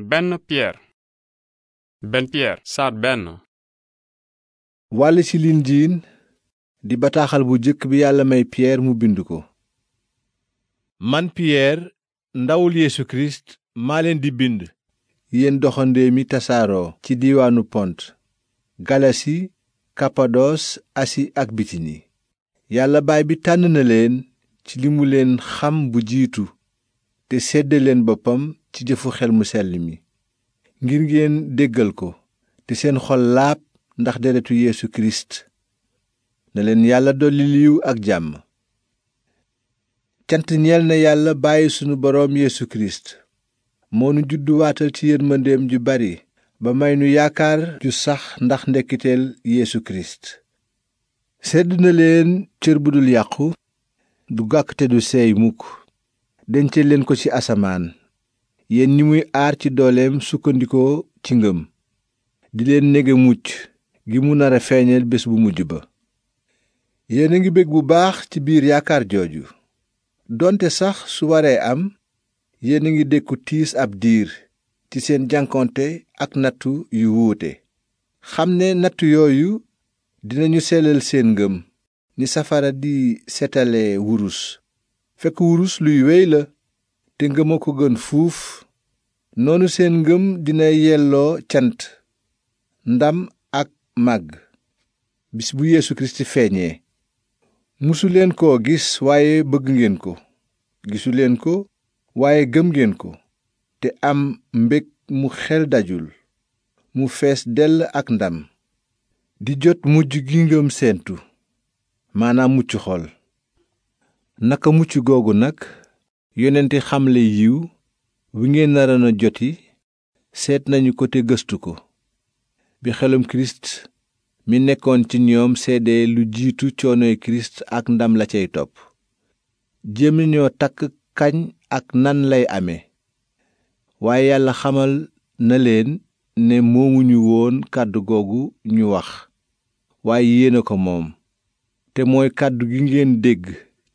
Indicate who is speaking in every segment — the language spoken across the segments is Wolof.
Speaker 1: benn Pierre benn Pierre saar wàll ci lindiin di bataaxal bu jëkk bi yàlla may Pierre mu bind ko man Pierre ndawul Yeesu Kirist maa leen di bind yéen doxandee mi tasaaroo ci diiwaanu Pont Galasi Kapados Asi ak Bitini yàlla baay bi tànn na leen ci li mu leen xam bu jiitu te sedde leen boppam ci jëfu xel mu sell mi ngir ngeen déggal ko te seen xol laab ndax deretu Yeesu Kirist na leen yàlla dolli liw ak jàmm cant ñeel na yàlla bàyyi sunu boroom Yeesu Kirist moo nu judduwaatal ci yërmandeem ju bari ba may nu yaakaar ju sax ndax ndekkiteel Yeesu Kirist sedd na leen cër bu dul yàqu du gàkk te du seey mukk dence leen ko ci asamaan yéen ñi muy aar ci dooleem sukkandikoo ci ngëm di leen nege mucc gi mu nar a feeñeel bés bu mujj ba yéen a ngi bég bu baax ci biir yaakaar jooju doonte sax su waree am yéen a ngi dékku tiis ab diir ci seen jànkonte ak nattu yu wuute xam ne nattu yooyu dinañu selal seen ngëm ni safara di setale wurus fekk wurus luy wéy la te ngëma ko gën fuuf noonu seen ngëm dina yelloo cant ndam ak màgg bis bu Yeesu Kirist feeñee musuleen koo gis waaye bëgg ngeen ko gisuleen ko waaye gëm ngeen ko te am mbég mu xel dajul mu fees dell ak ndam di jot mujj gi ngëm seentu maanaam mucc xol naka mucc googu nag yonenti xamle yiw wi ngeen narana joti seet nañu ko te gëstu ko bi xelum kirist mi nekkoon ci ñoom seede lu jiitu coonoy kirist ak ndam la cay topp jéem nañoo takk kañ ak nan lay ame waaye yàlla xamal na leen ne moomuñu woon kàddu googu ñu wax waaye yéena ko moom te mooy kàddu gi ngeen dégg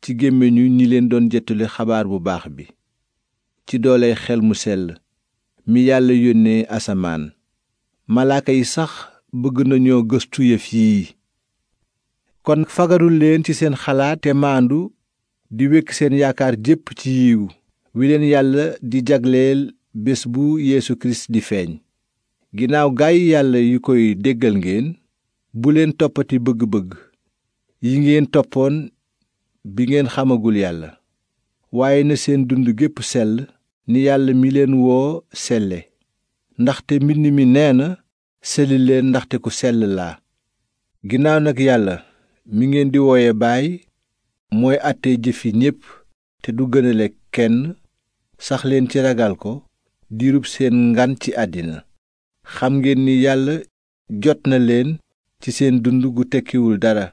Speaker 1: ci gémmiñu ñi leen doon jettali xabaar bu baax bi ci doole xel mu sell mi yàlla yónnee asamaan malaaka yi sax bëgg nañoo gëstu yëf yii kon fagarul leen ci seen xalaat te maandu di wékk seen yaakaar jépp ci yiw wi leen yàlla di jagleel bés bu yéesu Kirist di feeñ ginnaaw gaay yàlla yu koy déggal ngeen bu leen toppati bëgg-bëgg yi ngeen toppoon bi ngeen xamagul yàlla waaye na seen dund gépp sell ni yàlla mi leen woo selle ndaxte mbind mi nee na selli ndaxte ku sell laa ginnaaw nag yàlla mi ngeen di wooye baay mooy àttee jëfi ñépp te du gënale kenn saxleen ci ragal ko diirub seen ngan ci àddina xam ngeen ni yàlla jot na leen ci seen dund gu tekkiwul dara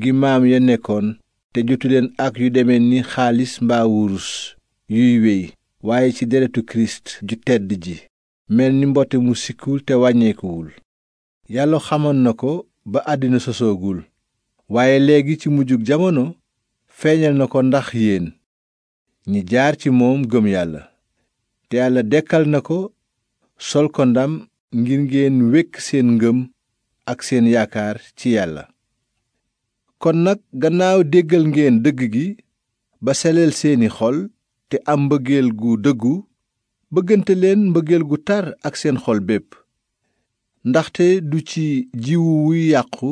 Speaker 1: gi maam ya nekkoon te jotu leen ak yu deme ni xaalis mbaa wurus yuy wey waaye ci deretu kirist ju tedd ji mel ni mbote mu sikkul te wàññeekuwul yàlla xamoon na ko ba àddina sosoogul waaye léegi ci mujjug jamono feeñal na ko ndax yéen ñi jaar ci moom gëm yàlla te yàlla dekkal na ko sol ko ndam ngir ngeen wékk seen ngëm ak seen yaakaar ci yàlla kon nag gannaaw déggal ngeen dëgg gi ba seleel seeni xol te am mbëggeel gu dëggu bëggante leen mbëggeel gu tar ak seen xol bépp ndaxte du ci jiwu wuy yàqu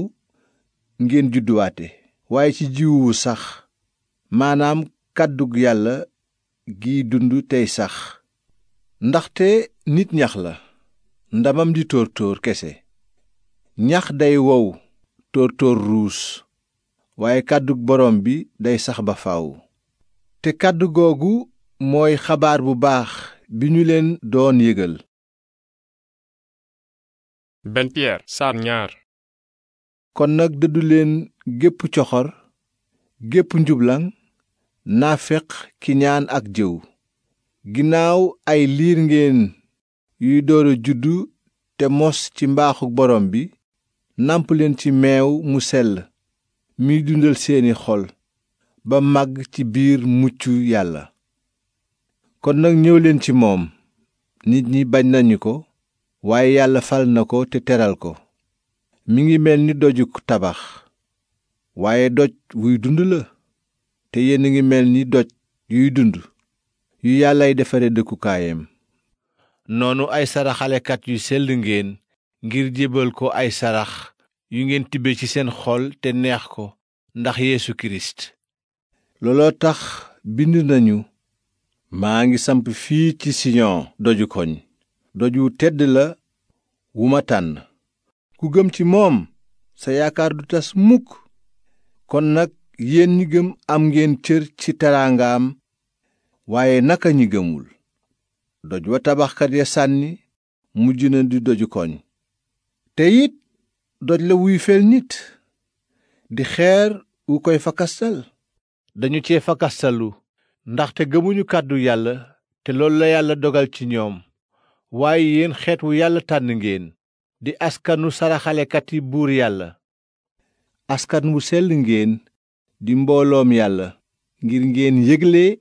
Speaker 1: ngeen judduwaate waaye ci jiwu wu sax maanaam kàddug yàlla giy dund tey sax ndaxte nit ñax la ndamam di tóor tóor kese ñax day wow tóor tóor ruus waaye kàddu boroom bi day sax ba faaw te kàddu googu mooy xabaar bu baax bi ñu leen doon yégal benn kon nag dëddu leen gépp coxor gépp njublaŋ naaféq ki ñaan ak jëw ginnaaw ay liir ngeen yuy doora juddu te mos ci mbaaxu borom bi nàmp leen ci meew mu sell mi dundal seeni xol ba màgg ci biir mucc yàlla kon nag ñëw leen ci moom nit ñi bañ nañu ko waaye yàlla fal na ko te teral ko mi ngi mel ni dojuk tabax waaye doj wuy dund la te yéen a ngi mel ni doj yuy dund yu yàllay defare dëkkukaayam noonu ay saraxalekat yu sell ngeen ngir jébal ko ay sarax yu ngeen tibbe ci seen xol te neex ko ndax Yeesu Kirist looloo tax bind nañu maa ngi samp fii ci Siyon doju koñ doju tedd la wu ma tànn ku gëm ci moom sa yaakaar du tas mukk kon nag yéen ñi gëm am ngeen cër ci teraangaam waaye naka ñi gëmul doj wa tabaxkat ya sànni mujj na di doju koñ te doj la wuy fel nit di xeer wu koy fakastal dañu cee fakastalu ndaxte gëmuñu kàddu yàlla te loolu la yàlla dogal ci ñoom waaye yéen xeet wu yàlla tànn ngeen di askanu saraxalekati buur yàlla askan wu sell ngeen di mbooloom yàlla ngir ngeen yëgle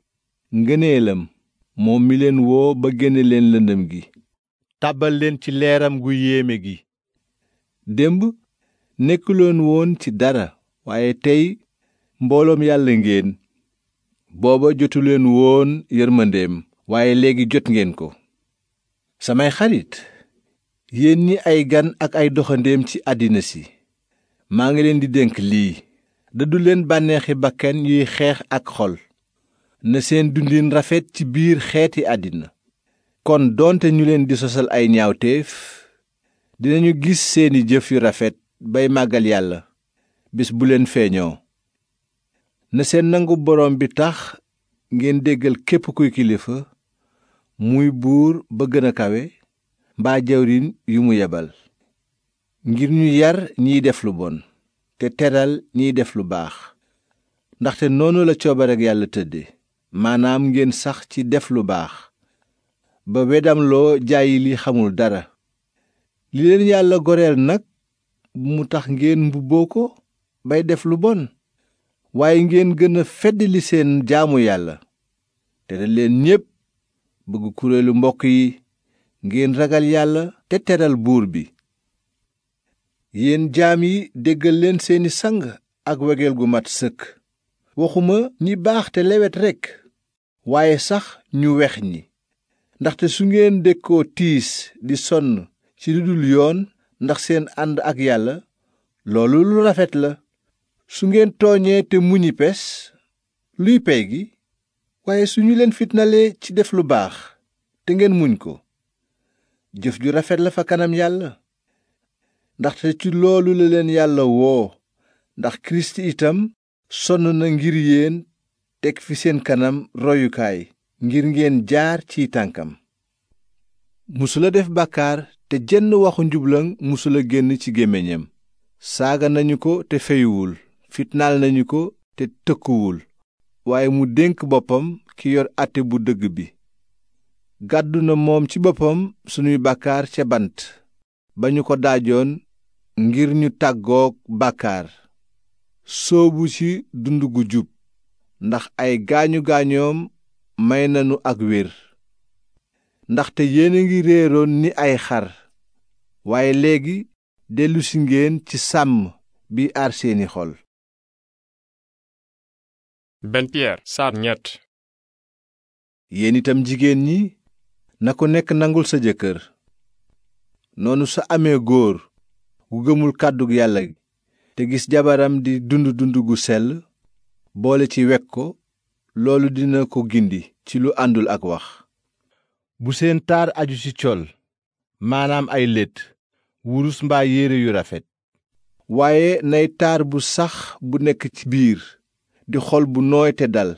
Speaker 1: ngëneelam moom mi leen woo ba génne leen lëndëm gi tàbbal leen ci leeram gu yéeme gi démb nekkuloon woon ci dara waaye tey mbooloom yàlla ngeen booba jotuleen woon yërmandeem waaye léegi jot ngeen ko samay xarit yéen ñi ay gan ak ay doxandeem ci àddina si maa ngi leen di dénk lii dëddu leen bànneexi bakkan yuy xeex ak xol na seen dundin rafet ci biir xeeti àddina kon doonte ñu leen di sosal ay ñaawteef dinañu gis seeni jëf yu rafet bay màggal yàlla bés bu leen feeñoo na seen nangu borom bi tax ngeen déggal képp kuy kilifa muy buur ba gën a kawe mbaa jawrin yu mu yebal ngir ñu yar ñiy def lu bon te teral ñiy def lu baax ndaxte noonu la coobarek yàlla tëdde maanaam ngeen sax ci def lu baax ba wedamloo jaayi li xamul dara li leen yàlla goreel nag mu tax ngeen mbubboo ko bay def lu bon waaye ngeen gën a feddali seen jaamu yàlla tere leen ñépp bëgg kuréelu mbokk yi ngeen ragal yàlla te teral buur bi yéen jaam yi déggal leen seeni sang ak wegeel gu mat sëkk waxuma ñi baax te lewet rekk waaye sax ñu weex ñi ndaxte su ngeen dëkkoo tiis di sonn ci lu dul yoon ndax seen ànd ak yàlla loolu lu rafet la su ngeen tooñee te muñi pes luy pey gi waaye su ñu leen fitnale ci def lu baax te ngeen muñ ko jëf ju rafet la fa kanam yàlla ndaxte ci loolu la leen yàlla woo ndax kirist itam sonn na ngir yéen teg fi seen kanam royukaay ngir ngeen jaar ci tànkam musula def bàkkaar te jenn waxu mosul a génn ci gémmiñam saaga nañu ko te feyuwul fitnaal nañu ko te tëkkuwul waaye mu dénk boppam ki yor àtte bu dëgg bi gàddu na moom ci boppam sunuy bàkkaar ca bant ba ñu ko daajoon ngir ñu tàggook bàkkaar sóobu ci dund gu jub ndax ay gaañu gaañoom may nanu ak wér ndaxte yéen a ngi réeroon ni ay xar waaye léegi dellusi ngeen ci sàmm bi aar seeni xol benn yéen itam jigéen ñi na ko nekk nangul sa jëkkër noonu sa amee góor gu gëmul kàddu yàlla te gis jabaram di dund dund gu sell boole ci wek ko loolu dina ko gindi ci lu àndul ak wax bu seen taar aju ci col maanaam ay létt wurus mbaa yére yu rafet waaye nay taar bu sax bu nekk ci biir di xol bu nooy te dal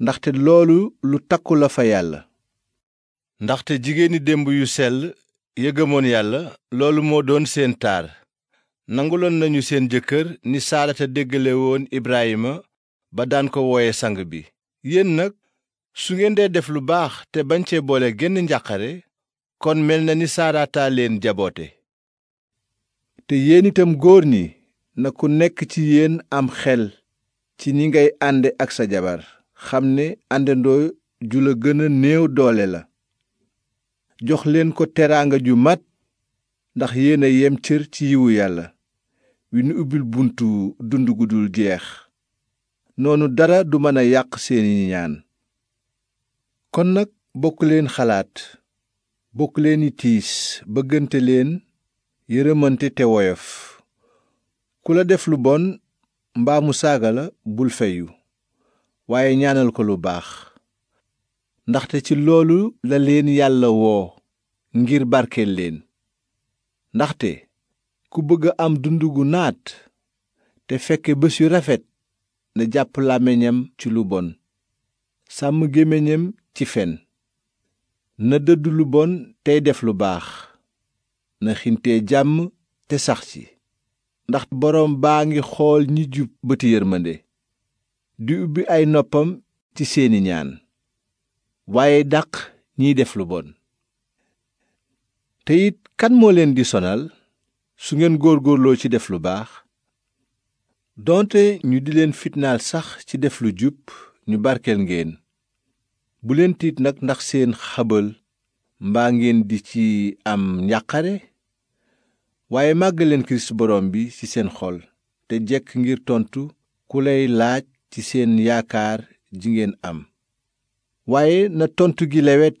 Speaker 1: ndaxte loolu lu takku la fa yàlla ndaxte jigéeni démb yu sell ya yàlla loolu moo doon seen taar nanguloon nañu seen jëkkër ni saarata déggale woon ibraayima ba daan ko wooye sang bi yéen nag su ngeen dee def lu baax te bañ cee boole genn njàqare kon mel na ni saaraataa leen jaboote te yéen itam góor ni na ku nekk ci yenn am xel ci ni ngay ànde ak sa jabar xam ne àndandoo ju la gën a néew doole la jox leen ko teraanga ju mat ndax yéen a yem cër ci yiwu yàlla wi nu ubbil buntu dund gudul jeex noonu dara du mën a yàq seeni ñaan kon nag bokk leen xalaat bokk leen i tiis bëggante leen yërëmante te woyof ku la def lu bon mbaa mu saaga la bul feyu waaye ñaanal ko lu baax ndaxte ci loolu la leen yàlla woo ngir barkeel leen ndaxte ku bëgg a am dund gu naat te fekke bés yu rafet na jàpp làmmiñam ci lu bon sàmm gémmiñam ci fen na dëddu lu bon tey def lu baax na xintee jàmm te sax ci ndax boroom baa ngi xool ñi jub bëti yërmande di ubbi ay noppam ci seeni ñaan waaye dàq ñiy def lu bon te it kan moo leen di sonal su ngeen góorgóorloo ci def lu baax doonte ñu di leen fitnaal sax ci def lu jub ñu barkeel ngeen buleen tiit nag ndax seen xabal mbaa ngeen di ci am njàqare waaye màggaleen kirist borom bi ci seen xol te jekk ngir tontu ku lay laaj ci seen yaakaar ji ngeen am waaye na tontu gi lewet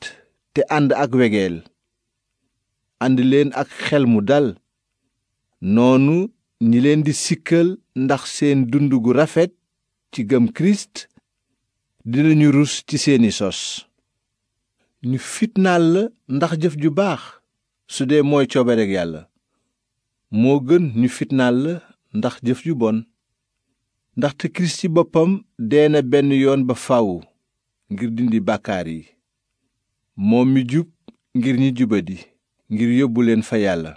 Speaker 1: te ànd ak wegeel ànd leen ak xel mu dal noonu ñi leen di sikkal ndax seen dund gu rafet ci gëm kirist dinañu rus ci seeni sos ñu fitnaal la ndax jëf ju baax su dee mooy coobareg yàlla moo gën ñu fitnaal la ndax jëf ju bon ndaxte kirist ci boppam dee na benn yoon ba faw ngir dindi bàkkaar yi moom mi jub ngir ñi jubadi ngir yóbbu leen fa yàlla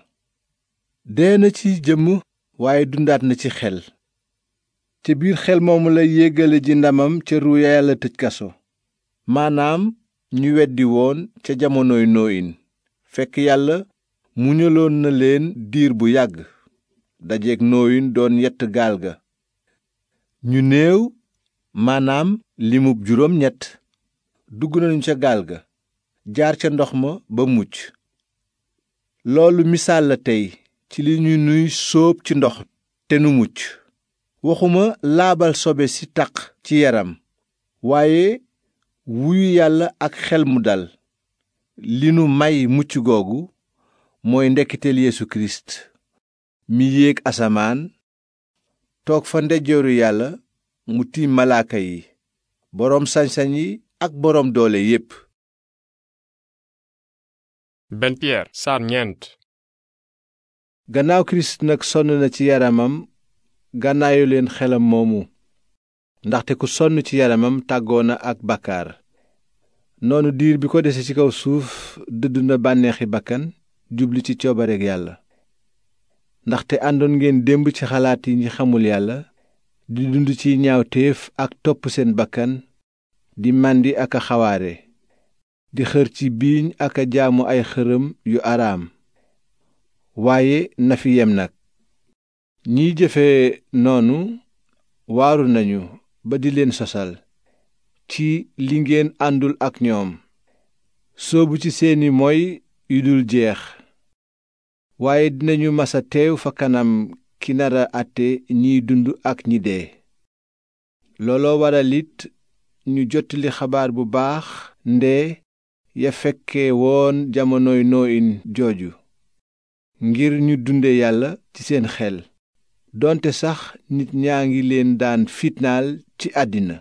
Speaker 1: dee na ci jëmm waaye dundaat na ci xel ci biir xel moomu la yéegale ji ndamam ca ruu yàlla tëj kaso maanaam ñu weddi woon ca jamonoy nooyin fekk yàlla muñaloon na leen diir bu yàgg dajeek nooyin doon yett gaal ga ñu néew maanaam limu juróom ñett dugg nañu ca gaal ga jaar ca ndox ma ba mucc loolu misaal la tey ci li ñu nuy soob ci ndox te nu mucc waxuma laabal sobe si taq ci yaram waaye wuyu yàlla ak xel mu dal li nu may mucc googu mooy ndekkiteel Yeesu Kirist mi yéeg asamaan toog fa ndejooru yàlla mu tiim malaaka yi boroom sañ yi ak boroom doole yépp benn Pierre gannaaw Kirist nag sonn na ci yaramam gànnaayu leen xelam moomu ndaxte ku sonn ci yaramam tàggoo na ak bàkkaar noonu diir bi ko desee ci kaw suuf dëdd na bànneexi bakkan jubli ci coobareeg yàlla ndaxte àndoon ngeen démb ci xalaat yi ñi xamul yàlla di dund ci ñaawteef ak topp seen bakkan di màndi ak a xawaare di xër ci biiñ ak a jaamu ay xërëm yu araam waaye na fi yem nag ñiy jëfe noonu waaru nañu ba di leen sosal ci li ngeen àndul ak ñoom soobu ci seeni moy yu dul jeex waaye dinañu masa teew fa kanam ki nara àtte ñiy dund ak ñi dee looloo waral it ñu jottali xabaar bu baax ndee ya fekke woon jamonoy nooyin jooju ngir ñu dunde yàlla ci seen xel doonte sax nit ñaa ngi leen daan fitnaal ci àddina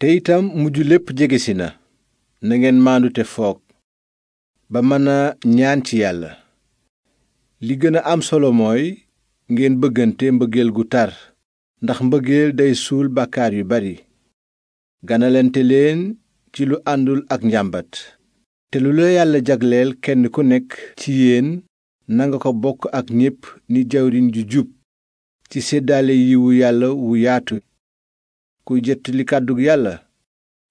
Speaker 1: te itam mujj lépp jegesi na na ngeen maandu te foog ba mën a ñaan ci yàlla li gën a am solo mooy ngeen bëggante mbëggeel gu tar ndax mbëggeel day suul bàkkaar yu bari ganalante leen ci lu àndul ak njàmbat te lu la yàlla jagleel kenn ku nekk ci yéen nanga ko bokk ak ñépp ni jawriñ ju jub ci séddaale yiwu yàlla wu yaatu kuy jett li kàddug yàlla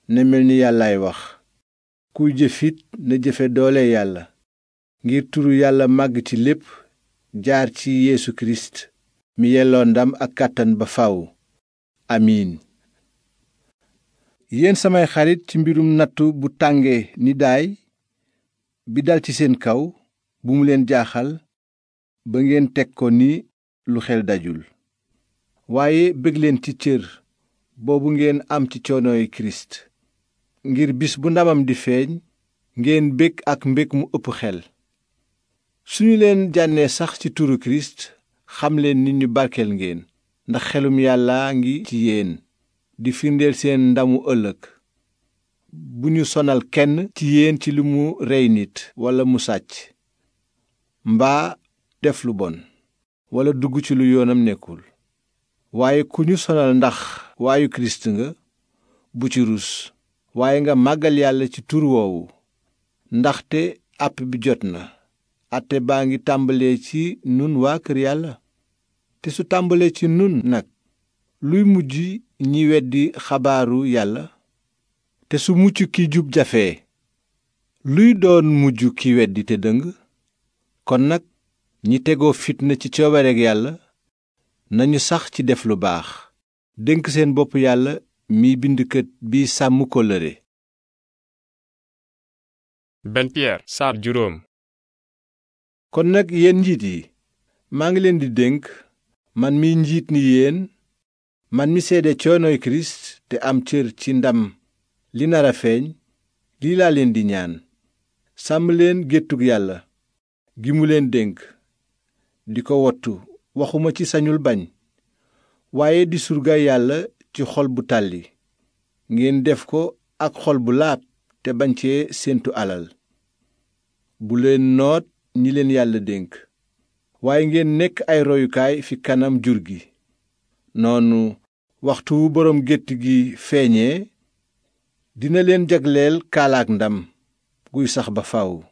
Speaker 1: na mel ni yàllaay wax kuy jëfit na jëfe doole yàlla ngir turu yàlla màgg ci lépp jaar ci yeesu kirist mi yelloo ndam ak kàttan ba faw amiin yéen samay xarit ci mbirum nattu bu tànge ni daay bi dal ci seen kaw bu mu leen jaaxal ba ngeen teg ko ni lu xel dajul waaye bég leen ci cër boobu ngeen am ci coonoy kirist ngir bis bu ndamam di feeñ ngeen bég ak mbég mu ëpp xel suñu leen jànnee sax ci turu kirist xam leen nit ñu barkeel ngeen ndax xelum yàllaa ngi ci yéen di firndeel seen ndamu ëllëg bu ñu sonal kenn ci yéen ci li mu rey nit walla mu sàcc mbaa def lu bon walla dugg ci lu yoonam nekkul waaye ku ñu sonal ndax waayu kirist nga bu ci rus waaye nga màggal yàlla ci tur woowu ndaxte àpp bi jot na àtte baa ngi tàmbalee ci nun waa kër yàlla te su tàmbalee ci nun nag luy mujj ñi weddi xabaaru yàlla te su mucc ki jub jafee luy doon mujj ki weddi te dëng kon nag ñi tegoo fitna ci coobareeg yàlla nañu sax ci def lu baax dénk seen bopp yàlla mi bindkat bi sàmm kóllëre benn juróom kon nag yéen njiit yi maa ngi leen di dénk man mi njiit ni yéen man mi seede coonoy kirist te am cër ci ndam li nar a feeñ lii laa leen di ñaan sàmm leen géttug yàlla gi mu leen dénk di ko wottu waxuma ci sañul bañ waaye di surga yàlla ci xol bu tàlli ngeen def ko ak xol bu laab te bañ cee séentu alal bu leen noot ñi leen yàlla dénk waaye ngeen nekk ay royukaay fi kanam jur gi noonu waxtu wu boroom gétt gi feeñee dina leen jagleel kaalaak ndam guy sax ba faw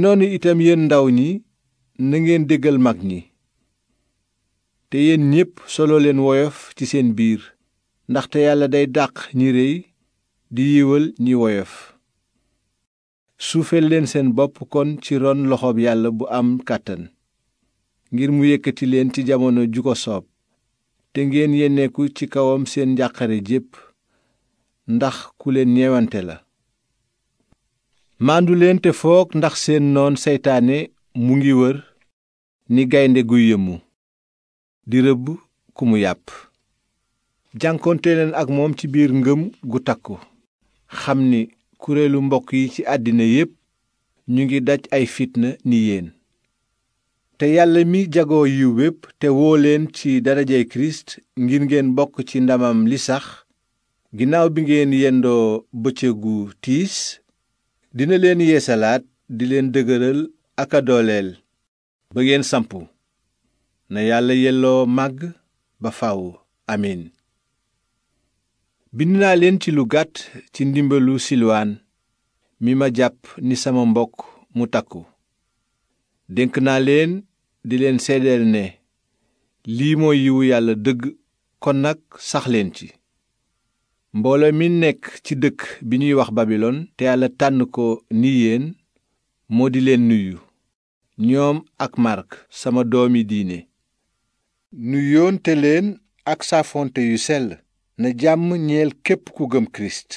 Speaker 1: noonu itam ndaw ñi na ngeen déggal mag ñi te yéen ñépp solo leen woyof ci seen biir ndaxte yàlla day dàq ñi réy di yiwal ñi woyof suufeel leen seen bopp kon ci ron loxoob yàlla bu am kàttan ngir mu yëkkati leen ci jamono ju ko soob te ngeen yenneeku ci kawam seen njàqare jépp ndax ku leen ñeewante la maandu leen te ndax seen noon seytaane mu ngi wër ni gaynde gu yëmu di rëbb ku mu yàpp jànkoonte ak moom ci biir ngëm gu takku xam ni kuréelu mbokk yi ci àddina yépp ñu ngi daj ay fitna ni yéen te yàlla mi jagoo yiw wépp te woo leen ci darajay kirist ngir ngeen bokk ci ndamam li sax ginnaaw bi ngeen yendoo bëccëgu tiis dina leen yeesalaat di leen dëgëral ak a dooleel ba ngeen na yàlla yelloo màgg ba faw amiin bind naa leen ci lu gàtt ci ndimbalu silwaan mi ma jàpp ni sama mbokk mu takku dénk naa leen di leen seedeel ne lii mooy yiwu yàlla dëgg kon nag sax leen ci mbooloo mi nekk ci dëkk bi ñuy wax babilon te yàlla tànn ko ni yéen moo di leen nuyu ñoom ak màrk sama doomi diine nu yoonte leen ak saafonte yu sell na jàmm ñeel képp ku gëm kirist